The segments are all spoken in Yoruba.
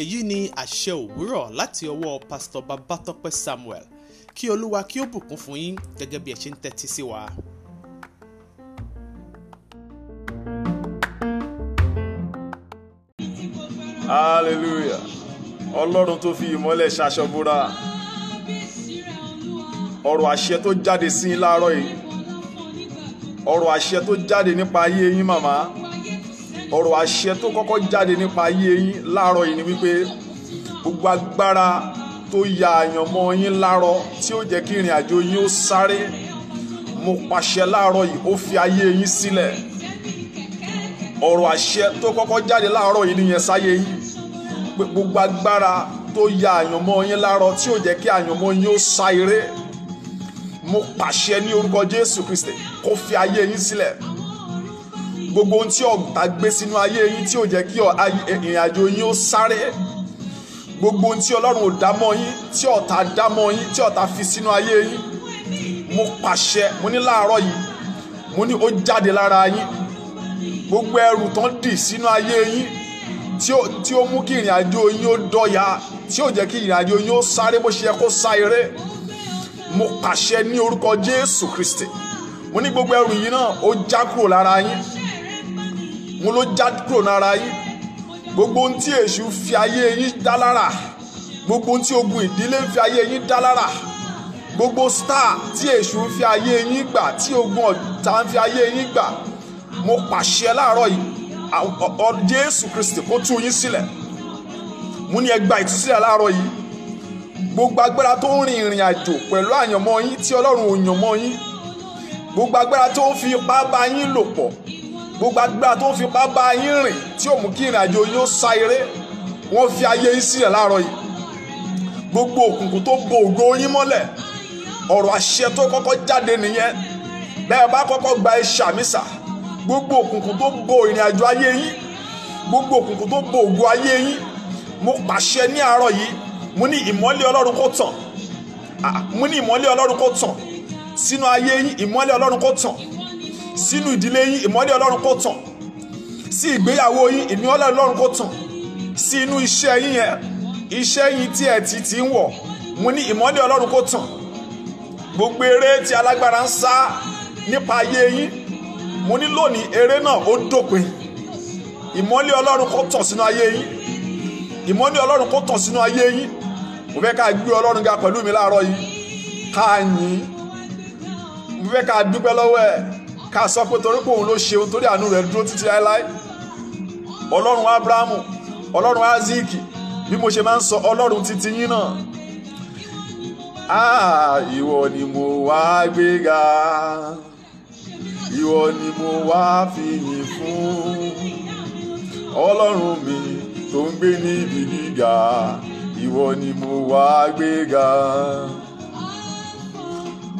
èyí ni àṣẹ òwúrọ̀ láti ọwọ́ pásítọ̀ Babatope Samuel kí Olúwa kí ó bùkún fún yín gẹ́gẹ́ bí ẹ ṣe ń tẹ́tí sí wa. hallelujah ọlọ́run tó fi ìmọ́lẹ̀ ṣaṣọ búra ọ̀rọ̀ àṣẹ tó jáde sí i láàárọ̀ yìí ọ̀rọ̀ àṣẹ tó jáde nípa ayé yín màmá ọ̀rọ̀ àṣẹ tó kọ́kọ́ jáde nípa ayé yín láàárọ̀ yìí ni wípé gbogbo agbára tó ya àyànmọ́ yín láàárọ̀ tí ó jẹ́ kí ìrìn àjò yín ó sáré mo pàṣẹ láàárọ̀ yìí ó fi ayé yín sílẹ̀ ọ̀rọ̀ àṣẹ tó kọ́kọ́ jáde láàárọ̀ yìí nìyẹn sáyé yín gbogbo agbára tó ya àyànmọ́ yín láàárọ̀ tí ó jẹ́ kí àyànmọ́ yín ó sá mo pàṣẹ ní orúkọ jésù kristi kó fi ayé yín sílẹ̀ gbogbo ohun tí ọ̀tá gbé sínú ayé yín tí ò jẹ́ kí ìrìn àjò yín ó sáré gbogbo ohun tí ọlọ́run ò dámọ́ yín tí ọ̀tá dámọ́ yín tí ọ̀tá fi sínú ayé yín mo pàṣẹ mo ní láàárọ̀ yìí mo ní ó jáde lára yín gbogbo ẹrù tán dì sínú ayé yín tí ó mú kí ìrìn yín ó dọ̀yà tí ò jẹ́ kí ìrìn yín ó sáré bó ṣe yẹ kó sá eré mo pàṣẹ ní orúkọ jésù kristi mo ní gbogbo ẹrù yìí náà ó já kúrò lára yín mo ló já kúrò lára yín gbogbo ohun tí èṣù fi ayé yín dá lára gbogbo ohun tí ogun ìdílé fi ayé yín dá lára gbogbo star tí èṣù fi ayé yín gbà tí ogun ọ̀tá fi ayé yín gbà mo pàṣẹ láàárọ̀ yìí Jésù Kristi kó tú yín sílẹ̀ mo ní ẹ ìtúsílẹ̀ láàárọ̀ yìí gbogbo agbára tó ń rin ìrìn àjò pẹ̀lú àyànmọ́ yín tí ọlọ́run ò yànmọ́ yín gbogbo agbára tó ń fi ipá bá yín lò pọ̀ gbogbo agbára tó ń fi ipá bá yín rìn tí ò mú kí ìrìn àjò yín ó sa eré wọ́n fi ayé yín sílẹ̀ láàárọ̀ yìí gbogbo òkùnkùn tó bo ògo yín mọ́lẹ̀ ọ̀rọ̀ àṣẹ tó kọ́kọ́ jáde nìyẹn bẹ́ẹ̀ bá kọ́kọ́ gba ẹ̀ṣà mísà gbogbo òkùnkùn tó bo ìrìn àjò ayé yín gbogbo òkùnkùn tó bo ògo ayé yín mo pàṣẹ ní àárọ̀ yìí mo ní ìmọ́lẹ̀ ọlọ́run kó tàn ah, ah, mo ní ìmọ́lẹ̀ ọlọ́run kó tàn sínú ayé yín ìmọ́lẹ̀ ọlọ́run kó tàn sínú ìdílé yín ìmọ́lẹ̀ ọlọ́run kó tàn sí ìgbéyàwó yín ìmọ́lẹ̀ ọlọ́run kó tàn sí inú iṣẹ́ yín yẹn iṣẹ́ yín tí ẹ̀ ti ti ń wọ̀ mo ní ìmọ́lẹ̀ ọlọ́run kó tàn gbogbo eré tí alágbára ń sá nípa ayé yín mo ní lónìí eré náà ó dópin ìmọ́lẹ̀ ọlọ́run kó tàn sínú ayé yín ìmọ́lẹ̀ ọlọ́run kó tàn sínú ayé yín mo fẹ́ ká gbé ọlọ́run ga pẹ̀lú mi láàárọ̀ yìí ká yìn mo fẹ́ ká dúpẹ́ lọ́wọ́ ẹ̀ ká sọ pé torí pé òun ló ṣe torí àánú rẹ̀ dúró títí láéláé ọlọ́run abrahamu ọlọ́run bí mo ṣe máa ń sọ ọlọ́run títí yín náà ah ni mo wá gbéga ìwọ ni mo wá fìyìn fún ọlọ́run mi tó ń gbé níbi gíga. ìwọ ni mo wá gbéga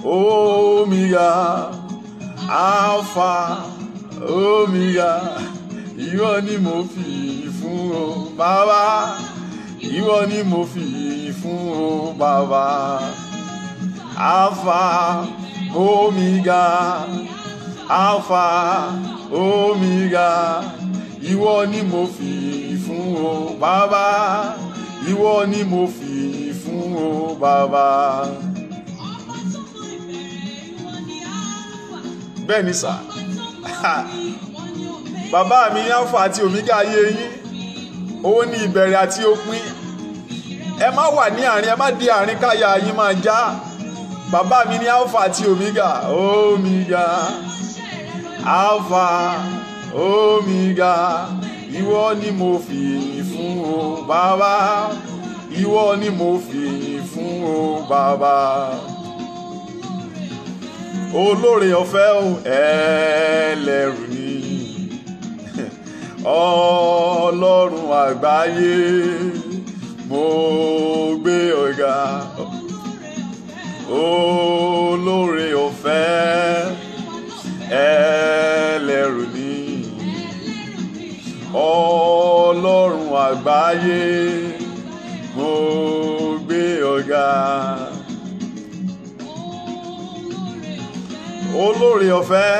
omega alpha omega ìwọ ni mo fi fún o bàbá ìwọ ni mo fi fún o bàbá alpha omega alpha omega ìwọ ni mo fi fún o bàbá ìwọ ni mo fìyìn fún o bàbá. bẹ́ẹ̀ ni sà bàbá mi alfa àti omega ayé yín owó ní ìbẹ̀rẹ̀ àti òpin ẹ má wà ní àárín ẹ má di àárín káyà yín máa já bàbá mi ní alfa àti omega omega alfa omega ìwọ ni mo fi ìyìn fún o bàbá ìwọ ni mo fi ìyìn fún o bàbá olóore ọ̀fẹ́ o ẹlẹ́rù ni ọlọ́run àgbáyé mo gbé ọ̀gá olóore ọ̀fẹ́ ẹlẹ́rù ni ọlọ́run àgbáyé mo gbé ọ̀gá. olóore ọ̀fẹ́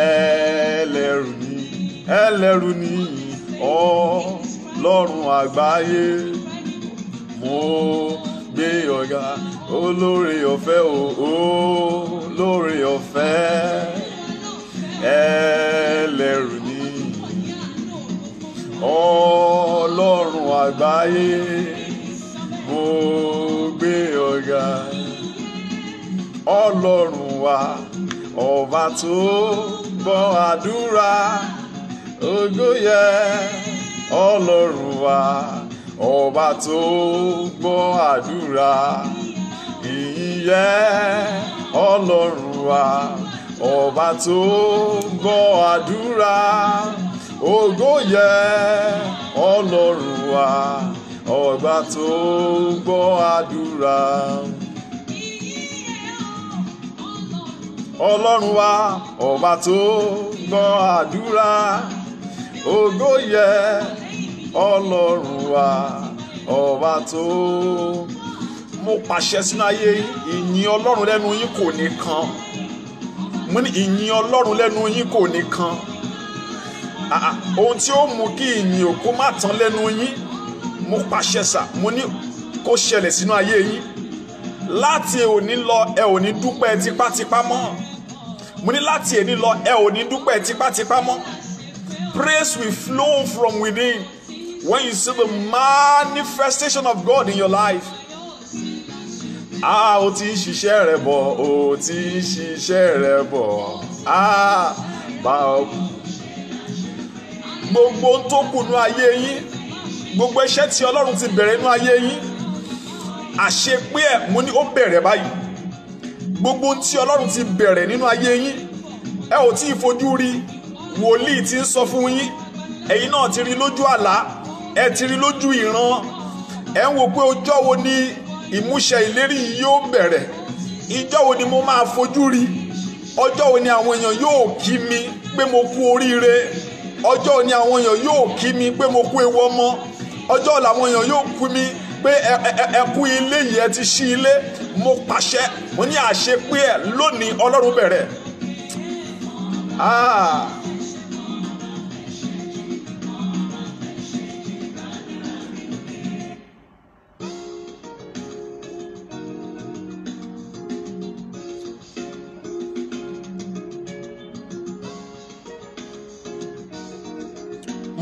ẹlẹ́rù ni ẹlẹ́rù ni ọlọ́run àgbáyé mo gbé ọ̀gá olóore ọ̀fẹ́ o olóore ọ̀fẹ́ ẹlẹ́rù ni ọlọ́run àgbáyé mo gbé ọ̀gá ọlọ́run wa ọba tó gbọ́ àdúrà ògo ọlọ́run wa ọba tó gbọ́ àdúrà ìyìn ọlọ́run wa ọba tó gbọ́ àdúrà ògo yẹ ọlọ́run wa ọba tó ń gbọ́ àdúrà. ọlọ́run wa ọba tó ń gbọ́ àdúrà ògo yẹ ọlọ́run wa ọba tó mo pàṣẹ sínú ayé ìyìn ọlọ́run lẹ́nu yín kò ní mo ní ìyìn ọlọ́run lẹ́nu yín kò ní Ah, ah. ohun tí ó mú kí ìyìn òkú má tán lẹ́nu yín mo pàṣẹ sà mo ní kó ṣẹlẹ̀ sínú ayé yín láti òní lọ ẹ ò dúpẹ́ tipátipá mọ́ mo ní láti èní lọ ẹ ò dúpẹ́ tipátipá mọ́ praise will flow from within when you see the manifestation of God in your life. a ó ti ń ṣiṣẹ́ rẹ̀ bọ̀ ó ti ń ṣiṣẹ́ rẹ̀ bọ̀ a bá ọ gbogbo ń tó kù nú ayé yín gbogbo iṣẹ́ tí ọlọ́run ti bẹ̀rẹ̀ nú ayé yín àṣepé ẹ̀ mo ní ó bẹ̀rẹ̀ báyìí gbogbo tí ọlọ́run ti bẹ̀rẹ̀ nínú ayé yín ẹ ò tí ì fojú rí wòlíì tí ń sọ fún yín ẹ̀yin náà ti rí lójú àlá ẹ ti rí lójú ìran ẹ ń wò pé ọjọ́ wo ni ìmúṣẹ ìlérí yìí yóò bẹ̀rẹ̀ ìjọ́ wo ni mo máa fojú rí ọjọ́ wo ni àwọn èèyàn yóò kí mi pé mo kú oríire ọjọ́ ni àwọn èèyàn yóò kí mi pé mo kú ewu ọmọ ọjọ́ làwọn èèyàn yóò kú mi pé ẹ kú ilé yìí ẹ ti ṣí ilé mo pàṣẹ mo ní àṣepé ẹ lónìí ọlọ́run bẹ̀rẹ̀. Ah.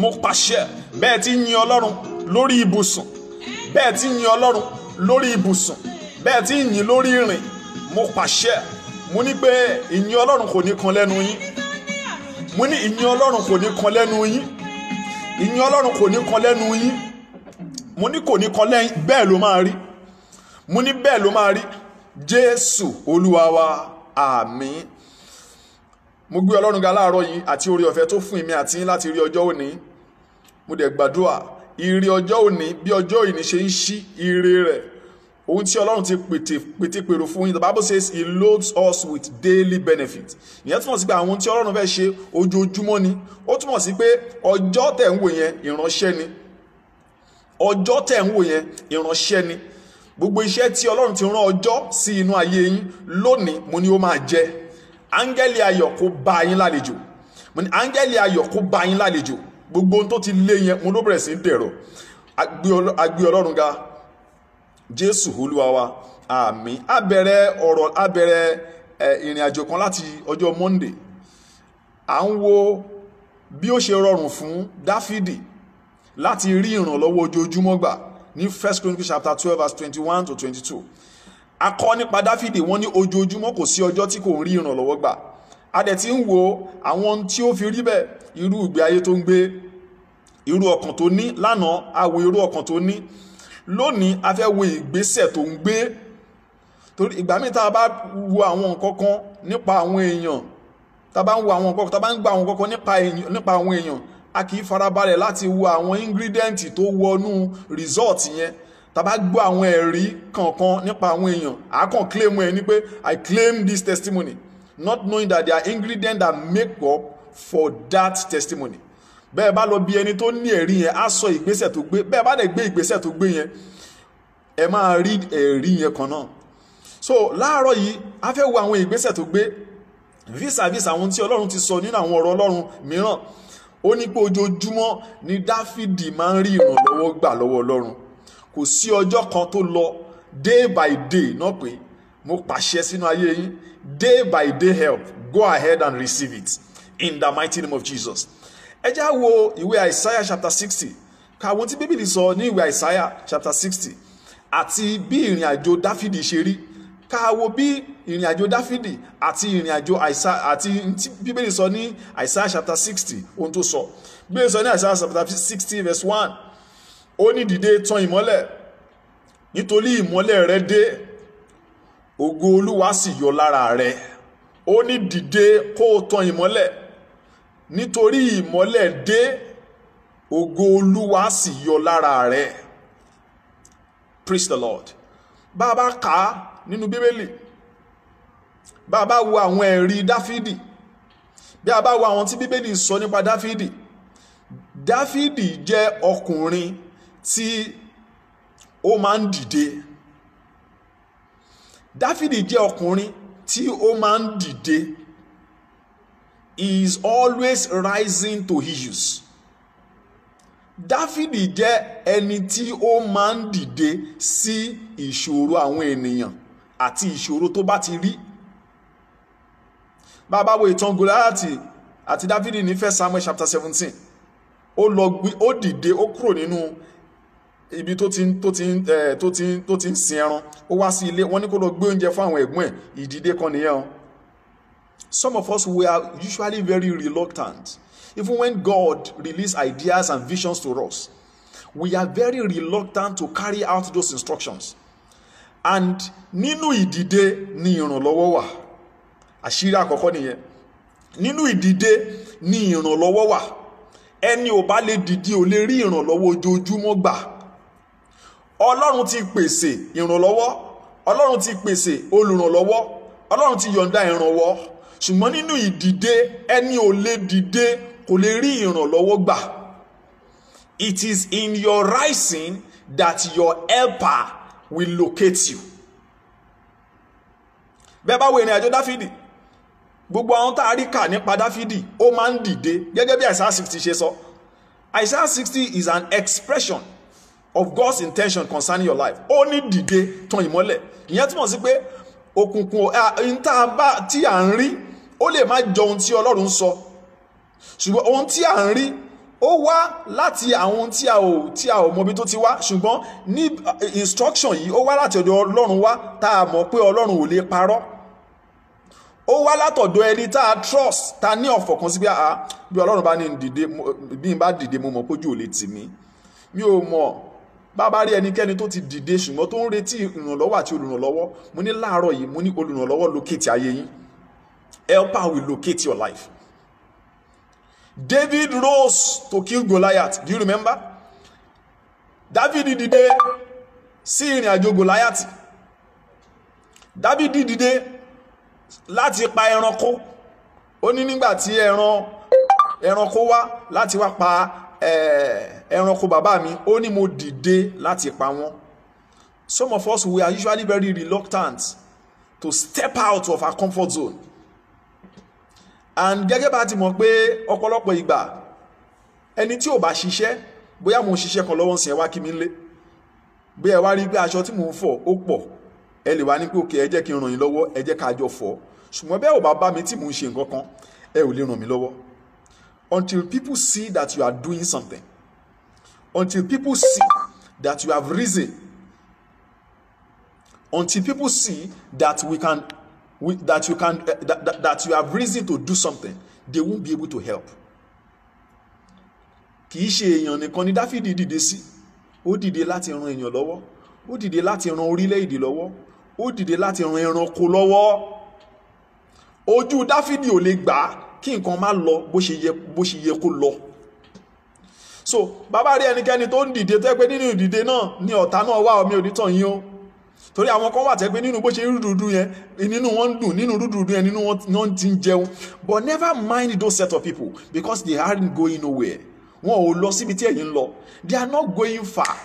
mo pàṣẹ bẹ́ẹ̀ ti yin ọlọ́run lórí ibùsùn bẹ́ẹ̀ ti yin ọlọ́run lórí ibùsùn bẹ́ẹ̀ ti yin lórí ìrìn mo pàṣẹ mo ní pé ìyìn ọlọ́run kò ní kan lẹ́nu yín mo ní ìyìn ọlọ́run kò ní kan lẹ́nu yín ìyìn ọlọ́run kò ní kan lẹ́nu yín mo ní kò ní kan lẹ́yìn bẹ́ẹ̀ ló máa rí mo ní bẹ́ẹ̀ ló máa rí jésù olúwa wa mo gbé ọlọ́run ga láàárọ̀ yìí àti oore ọ̀fẹ́ tó fún mi àti yín láti rí ọjọ́ òní mo dẹ̀ gbàdúrà ire ọjọ́ òní bí ọjọ́ òní ṣe ń ṣí ire rẹ̀ ohun tí ọlọ́run ti pètè pètè pèrò fún yín the bible says he loads us with daily benefit ìyẹn túmọ̀ sí pé àwọn ohun tí ọlọ́run fẹ́ ṣe ojoojúmọ́ ni ó túmọ̀ sí pé ọjọ́ tẹ̀ ń wò yẹn ìránṣẹ́ ni ọjọ́ tẹ̀ ń wò yẹn ìránṣẹ́ ni gbogbo iṣẹ́ tí ọlọ́run ti rán ọjọ́ sí inú ayé yín lónìí mo ní ó máa jẹ áńgẹ́lì ayọ̀ kó bá yín lálejò mo ní áńgẹ́lì ayọ̀ kó bá yín lálejò gbogbo ohun tó ti lé yẹn òun ló bẹ̀rẹ̀ sí í dẹ̀rọ̀ agbé ọlọ́run ga jésù olúwa wa àmín ọ̀rọ̀ a ìrìn àjò kan láti ọjọ́ monday à ń wo bí ó ṣe rọrùn fún dáfídì láti rí ìrànlọ́wọ́ ojoojúmọ́ gbà ní first chronicles chapter twelve verse twenty-one to twenty-two a kọ́ nípa dáfídì wọ́n ní ojoojúmọ́ kò sí ọjọ́ tí kò rí ìrànlọ́wọ́ gbà a dẹ̀ ti ń wo àwọn ohun tí ó fi rí bẹ́ẹ̀ irú ìgbé ayé tó ń gbé irú ọkàn tó ní lánàá a wo irú ọkàn tó ní lónìí a fẹ́ wo ìgbésẹ̀ tó ń gbé torí ìgbà míì tá a bá wo àwọn nǹkan kan nípa àwọn èèyàn tá a bá ń wo àwọn nǹkan kan tá a bá ń gba àwọn nǹkan kan nípa àwọn èèyàn a kì í farabalẹ̀ láti wo àwọn ingredient tó wọnú result yẹn tàbá gbọ́ àwọn ẹ̀rí kankan nípa àwọn èèyàn àákàn claim ẹ ní pé i claim this testimony not knowing that there are ingredients that make up for that testimony bẹ́ẹ̀ bá lọ bí ẹni tó ní ẹ̀rí yẹn á sọ ìgbésẹ̀ tó gbé bẹ́ẹ̀ bá dẹ̀ gbé ìgbésẹ̀ tó gbé yẹn ẹ máa rí ẹ̀rí yẹn kan náà so láàárọ̀ yìí a fẹ́ wo àwọn ìgbésẹ̀ tó gbé vis-à-vis àwọn tí ọlọ́run ti sọ nínú àwọn ọ̀rọ̀ ọlọ́run mìíràn ó ní pé ojoojúmọ́ ni dáfídì máa ń rí ìrànlọ́wọ́ gbà lọ́wọ́ ọlọ́run kò sí ọjọ́ kan tó lọ day by day náà pé mo pàṣẹ sínú ayé yín day by day help go ahead and receive it in the mighty name of Jesus. ẹ já wo ìwé Isaiah chapter sixty ka àwọn tí bíbélì sọ ní ìwé Isaiah chapter sixty àti bí ìrìn àjò Dáfídì ṣe rí ká wo bí ìrìn àjò Dáfídì àti ìrìn àjò àti tí bíbélì sọ ní Isaiah chapter sixty ohun tó sọ bíbélì sọ ní Isaiah chapter sixty verse one ó ní dìde tàn ìmọ́lẹ̀ nítorí ìmọ́lẹ̀ rẹ dé ògo olúwa sì yọ lára rẹ ó ní dìde kó o tan ìmọ́lẹ̀ nítorí ìmọ́lẹ̀ dé ògo olúwa sì yọ lára rẹ praise the lord bá a bá kà á nínú bíbélì bá a bá wo àwọn ẹ̀rí dáfídì bí a bá wo àwọn tí bíbélì sọ nípa dáfídì dáfídì jẹ́ ọkùnrin tí ó máa ń dìde dáfídì jẹ́ ọkùnrin tí ó máa ń dìde he is always rising to issues dáfídì jẹ́ ẹni tí ó máa ń dìde sí ìṣòro àwọn ènìyàn àti ìṣòro tó bá ti rí bàbá wo ìtàn gòláàtì àti dáfídì ní first samuel chapter seventeen ó lọ gbé ó dìde ó kúrò nínú ibi tó ti ń tó ti ń eh, tó ti ń tó ti ń sin ẹran ó wá sí ilé wọ́n ní kó lọ gbé oúnjẹ fún àwọn ẹ̀gbọ́n ẹ̀ ìdìde kan nìyẹn o some of us were usually very reluctant even when God released ideas and visions to us we are very reluctant to carry out those instructions and nínú ìdìde ni ìrànlọ́wọ́ wà àṣírí àkọ́kọ́ nìyẹn nínú ìdìde ni ìrànlọ́wọ́ wà ẹni ò bá lè dìde ò lè rí ìrànlọ́wọ́ ojoojúmọ́ gbà ọlọ́run ti pèsè ìrànlọ́wọ́ ọlọ́run ti pèsè olùrànlọ́wọ́ ọlọ́run ti yọ̀ǹda ìrànwọ́ ṣùgbọ́n nínú ìdìde ẹni ò lè dìde kò lè rí ìrànlọ́wọ́ gbà it is in your rising that your helper will locate you. bẹ́ẹ̀ bá wo ìrìn àjò dáfídì gbogbo àwọn tá a rí kà nípa dáfídì ó máa ń dìde gẹ́gẹ́ bí Isaiah sixty ṣe sọ Isaiah sixty is an expression of God's intention concerning your life ó ní dìde tan ìmọ́lẹ̀ ìyẹn túmọ̀ sí pé òkùnkùn ìntàbá tí à ń rí ó lè má jọ ohun tí Ọlọ́run sọ ṣùgbọ́n ohun tí à ń rí ó wá láti àwọn tí a ò tí a ò mọbi tó ti wá ṣùgbọ́n ní eh, instruction yìí ó wá láti ọ̀dọ̀ Ọlọ́run wá tá a mọ̀ pé Ọlọ́run ò lè parọ́ ó wá látọ̀dọ̀ ẹni tá a trust ta ní ọ̀fọ̀kan sí pé a bí Ọlọ́run bá ní dìde bí n bá dìde mo mọ̀ pójú ò lè tì mí mi ò mọ̀ bàbá rí ẹnikẹ́ni tó ti dìde ṣùgbọ́n tó ń retí ìrànlọ́wọ́ àti olùrànlọ́wọ́ mo ní láàárọ̀ yìí mo ní olùrànlọ́wọ́ locate ayé yín helper will locate your life David rose to kill Goliath do you remember David dìde sí ìrìn àjò Goliath David dìde láti pa ẹranko ó ní nígbà tí ẹran ẹranko wá láti wá pa ẹ̀ẹ́. Eh, ẹranko bàbá mi ó ní mo dìde láti pa wọ́n some of us we are usually very reluctant to step out of our comfort zone and gẹ́gẹ́ bá ti mọ̀ pé ọ̀pọ̀lọpọ̀ ìgbà ẹni tí ò bá ṣiṣẹ́ bóyá mo ń ṣiṣẹ́ kan lọ́wọ́ sí ẹ wá kí mi ń lé bí ẹ wá rí pé aṣọ tí mò ń fọ̀ ó pọ̀ ẹ lè wá ní pé òkè ẹ jẹ́ kí n ràn yín lọ́wọ́ ẹ jẹ́ ká jọ fọ̀ ṣùgbọ́n bẹ́ẹ̀ ò bá bá mi tí mò ń ṣe nǹkan kan ẹ ò lè ràn mí lọ́wọ́ until people see that you are doing something until people see that you have risen until people see that we can we, that you can uh, that, that, that you have risen to do something they won't be able to help kì í ṣe èèyàn nìkan ni dáfídì dìde sí ó dìde láti ran èèyàn lọ́wọ́ ó dìde láti ran orílẹ̀-èdè lọ́wọ́ ó dìde láti ran ẹranko lọ́wọ́ ojú dáfídì ò lè gbà kí nǹkan má lọ bó ṣe yẹ kó lọ so bàbá rí ẹnikẹ́ni tó ń dìde tẹ́ pé nínú ìdìde náà ni ọ̀tá náà wá omi onítàn yín o torí àwọn kan wà tẹ́ pé nínú bó ṣe rúdurùdu yẹn nínú wọn ń dùn nínú rúdurùdu yẹn nínú wọn ti ń jẹun but never mind those set of people because they aren't going nowhere wọn ò lọ síbi tí ẹ̀yin ń lọ they are not going far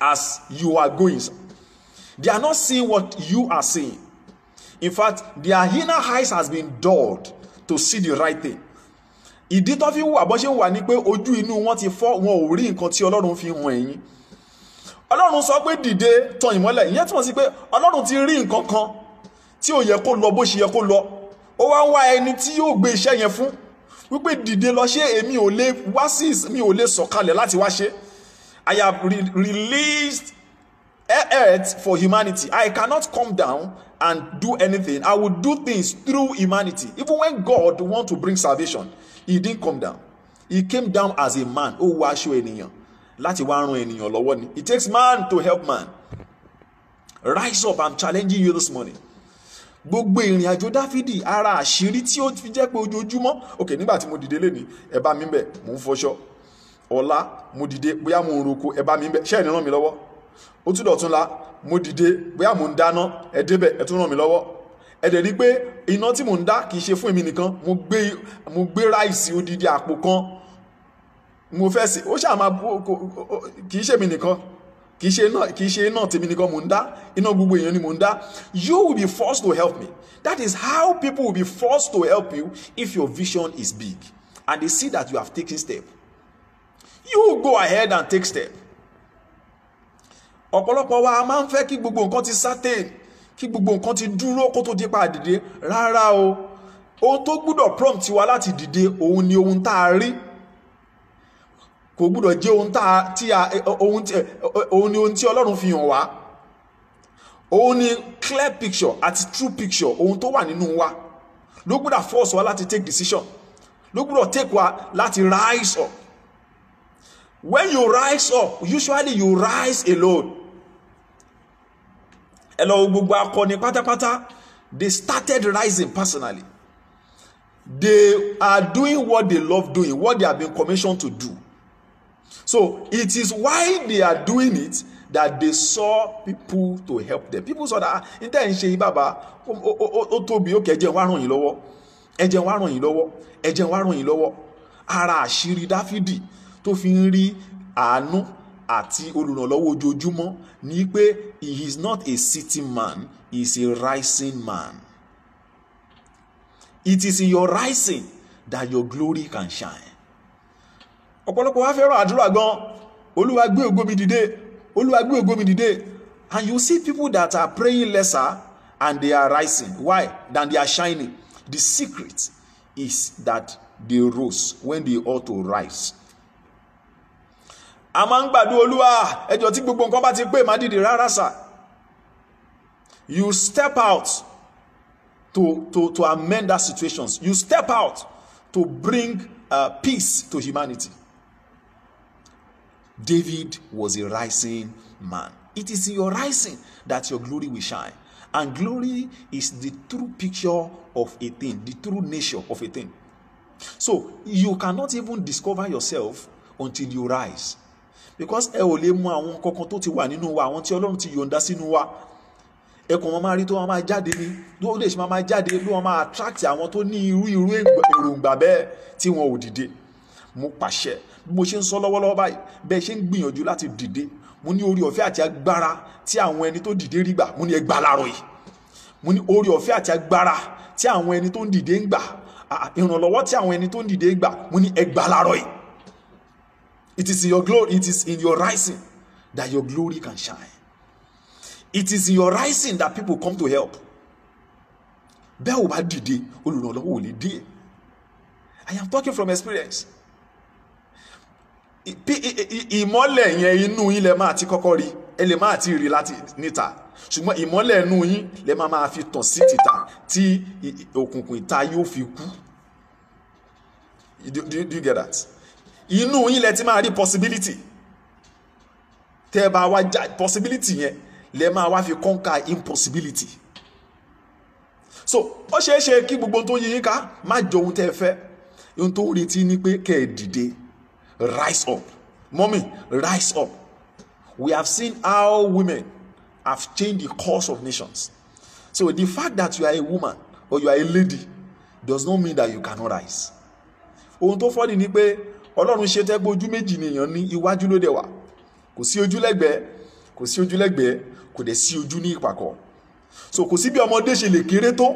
as you are going they are not seeing what you are seeing in fact their inner eyes has been dulled to see the right thing ìdí tó fi ń wà bó ṣe ń wà ni pé ojú inú wọn ti fọ́ wọn ò rí nǹkan tí ọlọ́run fi hàn ẹ̀yìn ọlọ́run sọ pé dìde tan ìmọ́lẹ̀ ìyẹn túmọ̀ sí pé ọlọ́run ti rí nǹkan kan tí ò yẹ kó lọ bó ṣe yẹ kó lọ ó wá ń wá ẹni tí yóò gbé iṣẹ́ yẹn fún wípé dìde lọ ṣe èmi ò lè wá sí mi ò lè sọ̀kalẹ̀ láti wá ṣe I have re released earth for humanity I cannot come down and do anything I will do things through humanity even when God want to bring salvation he didn't come down he came down as a man ó wọ aṣọ ènìyàn láti wá ran ènìyàn lọ́wọ́ ni it takes man to help man rise up i'm challenging you this morning gbogbo ìrìn àjò dáfídì ara àṣírí tí ó fi jẹ́ pé ojoojúmọ́ ok nígbà tí mo dìde lẹ́ni ẹ bá mi bẹ̀ mò ń fọṣọ ọ̀la mo dìde bóyá mo ń roko ẹ bá mi bẹ̀ ṣé ẹ̀ ní ràn mí lọ́wọ́ ó tún dọ̀tún la mo dìde bóyá mo ń dáná ẹ débẹ̀ ẹ tún ràn mí lọ́wọ́ ẹ̀dẹ̀ rí pé iná tí mò ń dá kì í ṣe fún èmi nìkan mo gbé mo gbé ráìsì odidi àpò kan mo fẹ́ sè ó ṣáà máa kì í ṣe èmi nìkan kì í ṣe iná kì í ṣe iná tèmi nìkan mò ń dá iná gbogbo èèyàn ni mò ń dá you will be forced to help me that is how people will be forced to help you if your vision is big and they see that you have taken step you go ahead and take step ọ̀pọ̀lọpọ̀ wa a máa ń fẹ́ kí gbogbo nǹkan ti certain kí gbogbo nǹkan ti dúró kó tó dípa dìde rárá o ohun tó gbúdọ̀ prompt wa láti dìde òun ni ohun tá a rí kò gbúdọ̀ jẹ́ ohun tá a tí a òun eh, eh, ni ohun tí Ọlọ́run fi hàn wá òun ni clear picture àti true picture ohun tó wà nínú wa ló gbúdọ̀ force wa láti take decision ló gbúdọ̀ take wa láti rise up when you rise up usually you rise alone ẹ lọ gbogbo akọni pátápátá they started rising personally they are doing what they love doing what they have been commissioned to do so it is why they are doing it that they saw people to help them people saw that ah, n tẹ́ ń ṣe o o o tobi ó kẹ́ ẹ̀jẹ̀ wá ràn yín lọ́wọ́ ẹ̀jẹ̀ wá ràn yín lọ́wọ́ ẹ̀jẹ̀ wá ràn yín lọ́wọ́ ara àṣírí dáfídì tó fi ń rí àánú àti olùrànlọ́wọ́ ojoojúmọ́ ni pé he is not a sitting man he is a rising man. It is in your rising that your glory can shine. ọ̀pọ̀lọpọ̀ wá fẹ́ràn àdúrà gan olúwa gbé ògo mi dìde olúwa gbé ògo mi dìde and you see people that are praying lesser and they are rising why than they are shining the secret is that they rose when they ought to rise a máa ń gbàdú olúwa ẹjọ́ tí gbogbo nǹkan bá ti pé má dìde rárá sà you step out to to to amend that situations you step out to bring uh, peace to humanity David was a rising man it is in your rising that your glory will shine and glory is the true picture of a thing the true nature of a thing so you cannot even discover yourself until you rise because ẹ ò lè mọ àwọn kankan tó ti wà nínú wa àwọn tí ọlọ́run ti yọ̀ǹda sínú wa ẹkùn wọn máa rí tó wọn máa jáde ní ló lè ṣe máa máa jáde ló wọn máa attract àwọn tó ní irú irú èròǹgbà bẹ́ẹ̀ tí wọn ò dìde mo pàṣẹ bí mo ṣe ń sọ lọ́wọ́lọ́wọ́ báyìí bẹ́ẹ̀ ṣe ń gbìyànjú láti dìde mo ní orí ọ̀fẹ́ àti agbára tí àwọn ẹni tó dìde rí gbà mo ní ẹgbà láàárọ̀ yìí mo ní orí ọ̀fẹ́ àti agbára tí àwọn ẹni tó ń dìde ń gbà ìrànlọ́wọ́ tí àwọn ẹni tó ń dìde gbà mo ní ẹgbà láàárọ̀ yìí It is in your glory, it is in your rising that your glory can shine. It is in your rising that people come to help. Bẹ́ẹ̀ ò bá dìde, olùrànlọ́wọ́ ò lè dé. I am talking from experience. Ìmọ́lẹ̀ yẹn inú yín lẹ máa ti kọ́kọ́ rí, ẹ lè máa ti rí láti níta. Ṣùgbọ́n ìmọ́lẹ̀ inú yín lẹ máa máa fi tàn sí títà tí òkùnkùn ìta yóò fi kú. do you get that? inú yín lẹ ti máa rí possibility tẹ́ ẹ bá wá já possibility yẹn lẹ máa wá fi conquer impossibility so ó ṣeé ṣe kí gbogbo tó yí yín ká má jọ ohun tẹ́ ẹ ohun tó retí ni pé kẹ́ ẹ dìde rise up mommy rise up we have seen how women have changed the course of nations so the fact that you are a woman or you are a lady does not mean that you cannot rise ohun tó fọ́ ni ni pé ọlọ́run ṣe tẹ́ pé ojú méjì nìyàn ní iwájú ló dẹ̀ wà kò sí ojú lẹ́gbẹ̀ẹ́ kò sí ojú lẹ́gbẹ̀ẹ́ kò dẹ̀ sí ojú ní ìpàkọ́ so kò sí bí ọmọdé ṣe lè kéré tó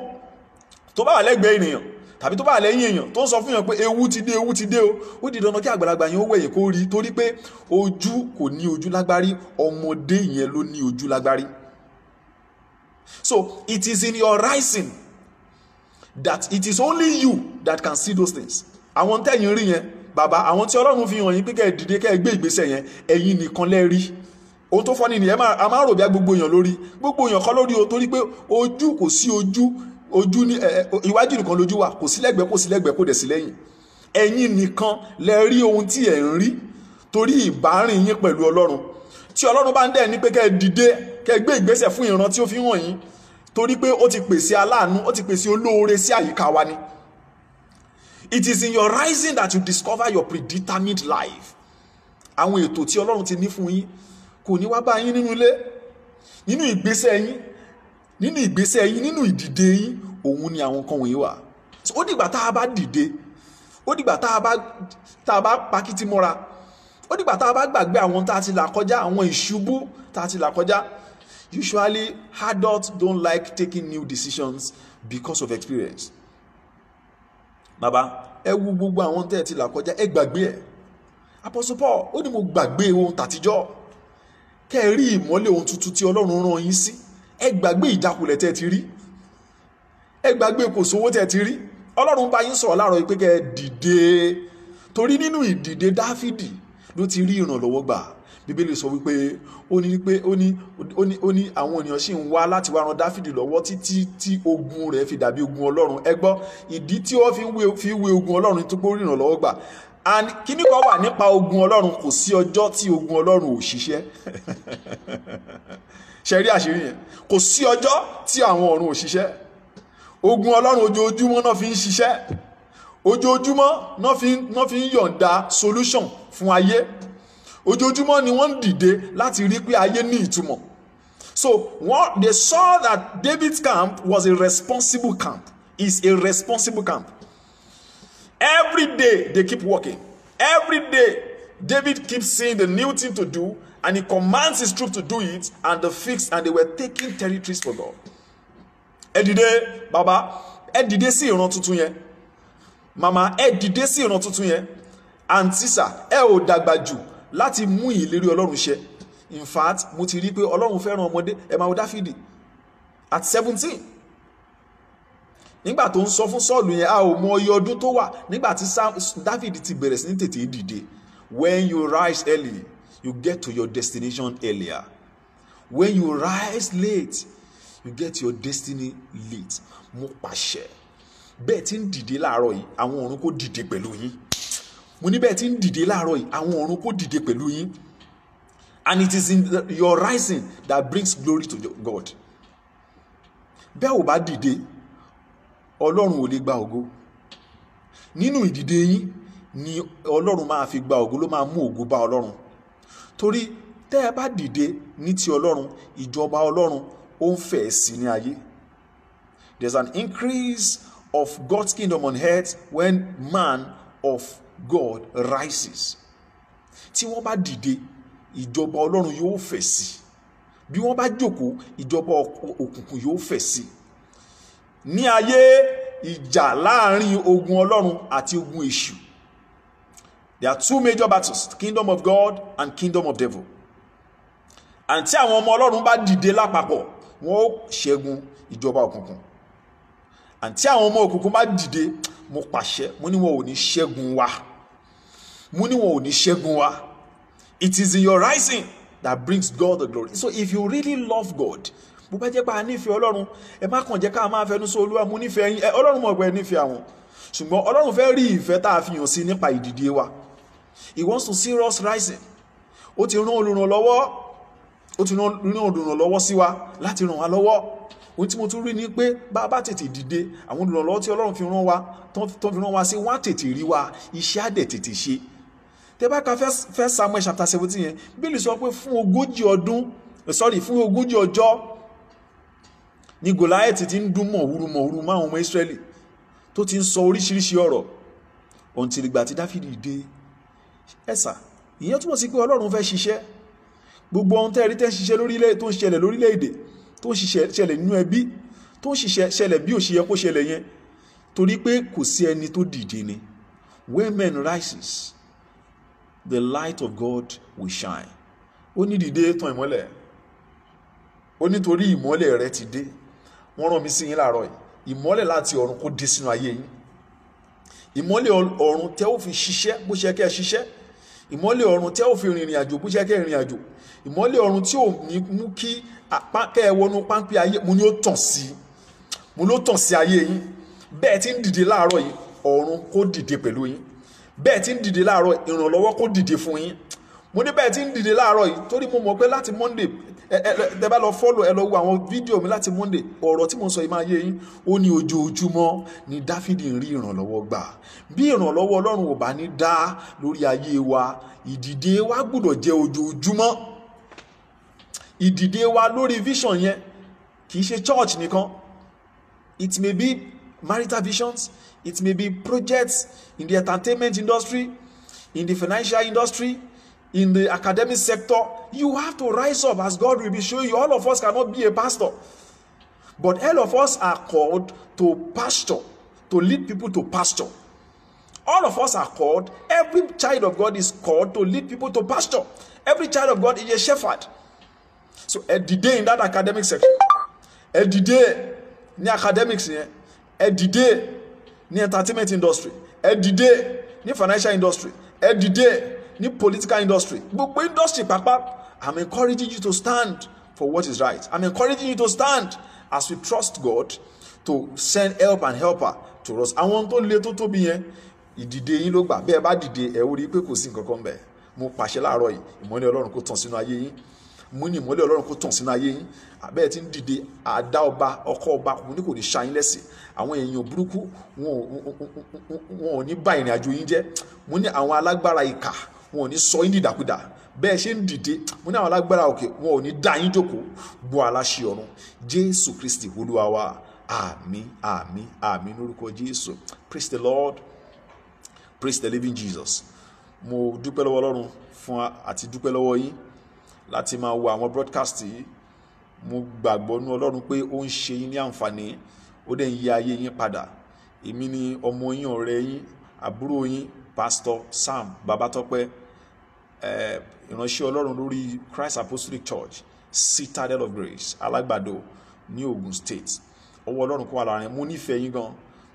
tó bá wà lẹ́gbẹ̀ẹ́ ènìyàn tàbí tó bá wà lẹ́yìn èèyàn tó ń sọ fún yàn pé ewu ti dé ewu ti dé o ó di dandan kí àgbàlagbà yẹn ó wẹ̀yìn kó rí torí pé ojú kò ní ojú lágbárí ọmọdé yẹn ló ní ojú lágbárí so it is in your rising that it is only you that can see those things àwọn tẹ̀yìn rí yẹn bàbá àwọn tí ọlọ́run fi hàn yín pé kẹ́ ẹ dìde kẹ́ ẹ gbé ìgbésẹ̀ yẹn ẹ̀yin nìkan lẹ́ rí ohun tó fọ́ ni nìyẹn a máa rò bí a gbogbo èèyàn lórí gbogbo èèyàn kọ́ lórí o torí pé ojú kò sí ojú ojú ní iwájú nìkan lójú wa kò sí lẹ́gbẹ̀ẹ́ kò sí lẹ́gbẹ̀ẹ́ kò dẹ̀ sí lẹ́yìn ẹ̀yin nìkan lẹ rí ohun tí ẹ̀ ń rí torí ìbárìn yín pẹ̀lú ọlọ́run tí ọlọ́run bá ń dẹ̀ ní pé kẹ́ ẹ dìde kẹ́ ẹ gbé ìgbésẹ̀ fún ìran tí ó fi hàn yín torí pé ó ti pèsè aláàánú ó ti pèsè olóore sí àyíká wa ni it is in your rising that you discover your predetermined life àwọn ètò tí ọlọ́run ti ní fún yín kò ní wá bá yín nínú ilé nínú ìgbésẹ̀ yín nínú ìgbésẹ̀ yín nínú ìdìde yín òun ni àwọn kan wọ̀nyí wà ó dìgbà tá a bá dìde ó dìgbà tá a bá tá a bá pakítí mọ́ra ó dìgbà tá a bá gbàgbé àwọn tá a ti là kọjá àwọn ìṣubú tá a ti là kọjá usually adults don't like taking new decisions because of experience bàbá ẹ wú gbogbo àwọn tẹ́ ẹ ti là kọjá ẹ gbàgbé ẹ Apostle Paul ó ní mo gbàgbé ohun tàtijọ́ kẹ́ ẹ rí ìmọ́lẹ̀ ohun tuntun tí Ọlọ́run rán yín sí ẹ gbàgbé ìjákulẹ̀ tẹ́ ẹ ti rí ẹ gbàgbé kò sówó tẹ́ ti rí Ọlọ́run bá yín sọ̀rọ̀ láàárọ̀ pé dìde torí nínú ìdìde Dáfídì ló ti rí ìrànlọ́wọ́ gbà bíbélì sọ wípé ó ní wípé ó ní ó ní àwọn ènìyàn sì ń wá láti wá ran dáfídì lọ́wọ́ títí tí ogun rẹ̀ fi dàbí ogun ọlọ́run ẹ gbọ́ ìdí tí wọ́n fi wé ogun ọlọ́run ní tó gbórí ìrànlọ́wọ́ gbà and kíní kan wà nípa ogun ọlọ́run kò sí ọjọ́ tí ogun ọlọ́run ò ṣiṣẹ́ ṣe rí àṣírí yẹn kò sí ọjọ́ tí àwọn ọ̀run ò ṣiṣẹ́ ogun ọlọ́run ojoojúmọ́ náà fi ń ṣiṣẹ́ ojoojúmọ́ náà fi ń yọ̀ǹda solution fún ayé ojoojúmọ́ ni wọ́n ń dìde láti rí pé ayé ní ìtumọ̀ so what they saw that David's camp was a responsible camp is a responsible camp every day they keep working every day David keeps seeing the new thing to do and he commands his troops to do it and they fix. and they were taking territories for God ẹ dìde bàbá ẹ dìde sí ìran tuntun yẹn màmá ẹ dìde sí ìran tuntun yẹn àǹtísà ẹ ò dàgbà jù láti mú ìlérí ọlọ́run ṣẹ in fact mo ti rí i pé ọlọ́run fẹ́ràn ọmọdé ẹ máa wo dáfídì at seventeen nígbà tó ń sọ fún sọ́ọ̀lù yẹn a ò mọ iye ọdún tó wà nígbà tí dáfídì ti bẹ̀rẹ̀ sí ní tètè dìde when you rise early you get to your destination earlier when you rise late you get your destiny late mo pàṣẹ bẹ́ẹ̀ tí ń dìde láàárọ̀ yìí àwọn ọ̀run kò dìde pẹ̀lú yín mo ní bẹ́ẹ̀ tí ń dìde láàárọ̀ yìí àwọn ọ̀run kò dìde pẹ̀lú yín and it is in your rising that brings glory to God bẹ́ẹ̀ ò bá dìde ọlọ́run ò lè gba ògo nínú ìdìde yín ni ọlọ́run máa fi gba ògo ló máa mú ògo bá ọlọ́run torí tẹ́ ẹ bá dìde ní ti ọlọ́run ìjọba ọlọ́run ó ń fẹ̀ sí ní ayé there is an increase of God's kingdom on earth when man of God rises tí wọ́n bá dìde ìjọba ọlọ́run yóò fẹ̀ sí bí wọ́n bá jókòó ìjọba òkùnkùn yóò fẹ̀ sí ní ayé ìjà láàrin ogun ọlọ́run àti ogun èṣù there are two major battles kingdom of God and kingdom of devil àǹtí àwọn ọmọ ọlọ́run bá dìde lápapọ̀ wọ́n ó ṣẹ́gun ìjọba òkùnkùn àǹtí àwọn ọmọ òkùnkùn bá dìde mo pàṣẹ mo ní wọn ò ní ṣẹ́gun wa mo ní wọn ò ní ṣẹ́gun wa it is in your rising that brings God the glory so if you really love God bó bá jẹ́ pé a nífẹ̀ẹ́ ọlọ́run ẹ má kàn jẹ́ ká máa fẹnu sọ olúwa mo nífẹ̀ẹ́ yín ọlọ́run mọ̀ pé ẹ nífẹ̀ẹ́ àwọn ṣùgbọ́n ọlọ́run fẹ́ rí ìfẹ́ tá a fi hàn sí nípa ìdìde wa he wants to see us rising ó ti rán olùrànlọ́wọ́ ó ti rán olùrànlọ́wọ́ sí wa láti ràn wá lọ́wọ́ ohun tí mo tún rí ni pé bá a bá tètè dìde àwọn olùrànlọ́wọ́ tí ọlọ́run fi rán wa tán fi rán wa sí wọ́n á tètè rí wa iṣẹ́ á dẹ̀ tètè ṣe tẹ́bá ka first samuel chapter seventeen yẹn bíbélì sọ pé fún ogójì ọdún sorry fún ogójì ọjọ́ ni goliath ti ń dún mọ̀húrú mọ̀húrú máwọn ọmọ israẹli tó ti ń sọ oríṣiríṣi ọ̀rọ̀ ohun tí ìgbà tí dáfídì dé ẹ̀sà ìyẹn túmọ̀ sí pé ọlọ́run fẹ́ ṣiṣẹ́ gbogbo ohun tẹ́ẹ̀rí tẹ́ ń ṣiṣẹ́ lórílẹ̀ tó ń ṣẹlẹ̀ lórílẹ̀-èdè tó ń ṣẹlẹ̀ nínú ẹbí tó ń ṣẹlẹ̀ bí ò ṣe yẹ kó ṣẹlẹ̀ yẹn torí pé kò sí ẹni tó dìde ni when men rises the light of God will shine ó ní dìde tàn ìmọ́lẹ̀ ó nítorí ìmọ́lẹ̀ rẹ ti dé wọ́n rán mi sí yín láàárọ̀ yìí ìmọ́lẹ̀ láti ọ̀run kó dé sínú ayé yín ìmọ́lẹ̀ ọ̀run tẹ́ ó fi ṣiṣẹ́ bó ṣe kẹ́ ẹ ṣiṣẹ́ ìmọ́lẹ̀ ọ̀run tí ó fi rìnrìn àjò bó ṣe kẹ́ rìnrìn àjò ìmọ́lẹ̀ ọ̀run tí ò ní mú kí kẹ́ ẹ wọnú páńpẹ́ ayé mo ní ó tàn sí mo ló tàn sí ayé yín bẹ́ẹ̀ tí ń dìde láàárọ̀ yìí ọ̀run kó dìde pẹ̀lú yín bẹ́ẹ̀ tí ń dìde láàárọ̀ ìrànlọ́wọ́ kó dìde fún yín mo ní bẹ́ẹ̀ tí ń dìde láàárọ̀ yìí torí mo mọ̀ pé láti monday ẹ ẹ ẹ bá lọ fọ́lù ẹ lọ wo àwọn fídíò mi láti monday ọ̀rọ̀ tí mo sọ yìí máa yé yín ó ní ojoojúmọ́ ni dáfídì ń rí ìrànlọ́wọ́ gbà bí ìrànlọ́wọ́ ọlọ́run ò bá ní dá lórí ayé wa ìdìde wa gbọ́dọ̀ jẹ́ ojoojúmọ́ ìdìde wa lórí vision yẹn kì í ṣe church nìkan it may be marital visions it may be projects in the entertainment industry in the financial industry in the academic sector, you have to rise up as God will be showing you. All of us cannot be a pastor. But all of us are called to pastor, to lead people to pastor. All of us are called, every child of God is called to lead people to pastor. Every child of God is a shepherd. So ẹ dìde in that academic section, ẹ dìde ní academics yẹn, ẹ dìde ní entertainment industry, ẹ dìde ní financial industry, ẹ dìde ní political industry gbogbo industry Papa. i'm encouraging you to stand for what is right i'm encouraging you to stand as we trust god to send help and helper to us àwọn tó le tó tóbi yẹn ìdìde yín ló gbà bẹ́ẹ̀ bá dìde ẹ̀ ó rí i pé kò sí nǹkan kan bẹ́ẹ̀ mo pàṣẹ láàárọ̀ yìí ìmọ́lẹ̀ ọlọ́run kó tàn sínú ayé yín mo ní ìmọ́lẹ̀ ọlọ́run kó tàn sínú ayé yín àbẹ́ẹ̀ tí ń dìde àdá ọba ọkọ ọba mo ní kò ní ṣayín lẹ́sìn àwọn èèyàn burúkú wọn ò ní bà ìrìn àjò yín jẹ́ mo ní àwọn alágbára ìkà wọn ò ní sọ yín dìdàkudà bẹ́ẹ̀ ṣe ń dìde mo ní àwọn alágbára òkè wọn ò ní dá yín jókòó bọ́ aláṣẹ ọ̀run jésù kristi olúwa wa àmín àmín lórúkọ jésù praise the lord praise the living jesus mo dúpẹ́ lọ́wọ́ ọlọ́run fún àti dúpẹ́ lọ́wọ́ yín láti máa wo àwọn broadcast yìí mo gbàgbọ́ nú ọlọ́run pé ó ń ṣe yín ní àǹfààní ó dẹ̀ ń yí ayé yín padà èmi ni ọmọ yín ọ̀rẹ́ yín àbúrò yín pastor sam babatope Eh, ìránṣẹ́ ọlọ́run lórí Christ Apostolic Church Citadel of Grace alágbàdo ní Ogun State ọwọ́ ọlọ́run kó wà lára yẹn mo nífẹ̀ẹ́ yín gan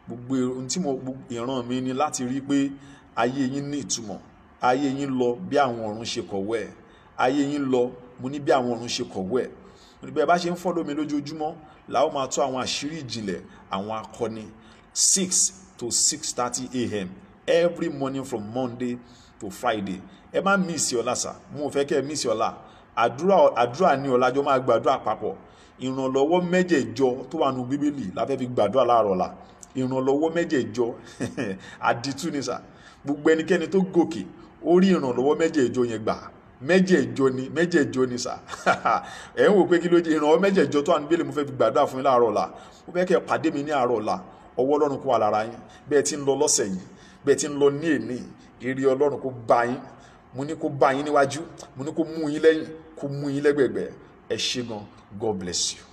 gbogbo ohun tí mo ìran mi ni láti rí i pé ayé yín ní ìtumọ̀ ayé yín lọ bí àwọn ọ̀run ṣe kọ̀wé ẹ̀ ayé yín lọ mo ní bí àwọn ọ̀run ṣe kọ̀wé ẹ̀ mo ní bí ẹ bá ṣe ń fọ́lọ́ mi lójoojúmọ́ làwọn máa tó àwọn àṣírí ìjìnlẹ̀ àwọn akọni six to six thirty a.m. every morning from Monday to friday ẹ má mísì ọ̀la sà mo fẹ́ kẹ́ ẹ mísì ọ̀la àdúrà àdúrà ní ọ̀la jọ máa gbàdúrà papọ̀ ìrànlọ́wọ́ mẹ́jẹ̀ẹ̀jọ tó wà nù bíbélì la fẹ́ fi gbàdúrà láàárọ̀ la ìrànlọ́wọ́ mẹ́jẹ̀ẹ̀jọ àdìtú ni sà gbogbo ẹnikẹ́ni tó gòkè ó rí ìrànlọ́wọ́ mẹ́jẹ̀ẹ̀jọ yẹn gbà mẹ́jẹ̀ẹ̀jọ ni mẹ́jẹ̀ẹ̀jọ ni sà ẹ̀ ń wò pé kí ló dé ìrànlọ́wọ́ mẹ́jẹ̀ẹ̀jọ tó wà nù bíbélì mo fẹ́ fi gbàdúrà fún yín láàárọ̀ la mo fẹ́ kẹ́ ẹ pàdé mi ní àárọ̀ la ọwọ́ ọlọ́run kó wà lára yín bẹ́ẹ̀ ti ń lọ lọ́sẹ̀ yìí bẹ́ẹ̀ ti ń lọ ní èní èrè ọlọ́run kó bá yín mo ní kó bá yín níwájú mo ní kó mú yín lẹ́yìn kó mú yín lẹ́gbẹ̀gbẹ̀ ẹ ṣé gan God bless you.